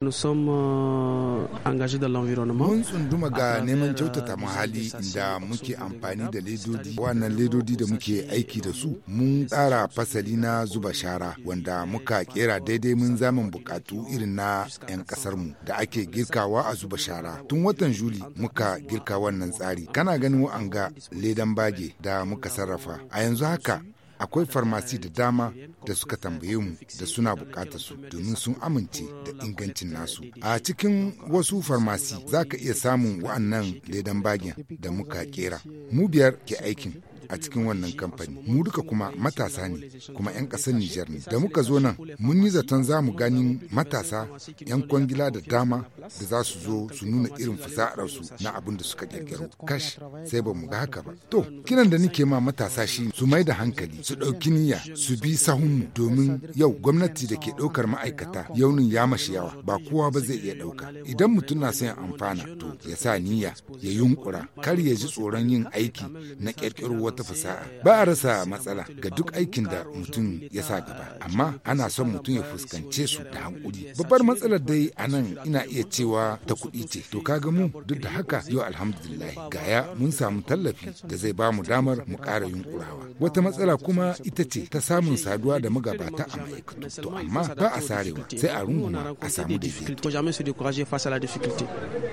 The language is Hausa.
Nous sommes euh, engagés dans l'environnement. Mun tsunduma ga neman kyautata muhalli da muke amfani da ledodi. Wannan ledodi da muke aiki da su mun tsara fasali na zuba shara wanda muka kera daidai mun zamin bukatu irin na 'yan kasarmu da ake girkawa a zuba shara. Tun watan Juli muka girka wannan tsari. Kana ganin wa'anga ledan bage da muka sarrafa. A yanzu haka akwai farmasi da dama da suka tambaye mu da suna bukatar su domin sun amince da ingancin nasu a cikin wasu farmasi za ka iya samun wa'annan ledan bagin da muka kera mu biyar ke aikin a cikin wannan kamfani mu duka kuma matasa ne kuma 'yan ƙasar Nijar ne da muka zo nan mun yi zaton za mu ganin matasa 'yan kwangila da dama da za su zo su nuna irin fasa'arsu na abin da suka kirkiro kash sai ba mu ga haka ba to kiran da nake ma matasa shi su mai da hankali su ɗauki niyya su bi sahunmu domin yau gwamnati da ke ɗaukar ma'aikata yaunin ya mashi yawa ba kowa ba zai iya ɗauka idan mutum na son amfana to ya sa niyya ya yunkura kar ya ji tsoron yin aiki na ƙirƙiro wata wata fasaha ba a rasa matsala ga duk aikin da mutum ya sa gaba amma ana son mutum ya fuskance su da hankuli babbar matsalar dai a nan ina iya cewa ta kuɗi ce to kaga mu duk da haka yau alhamdulillah gaya mun samu tallafi da zai ba mu damar mu ƙara yunkurawa wata matsala kuma ita ce ta samun saduwa da magabata a ma'aikatu to amma ba a sarewa sai a runguna a samu daidaito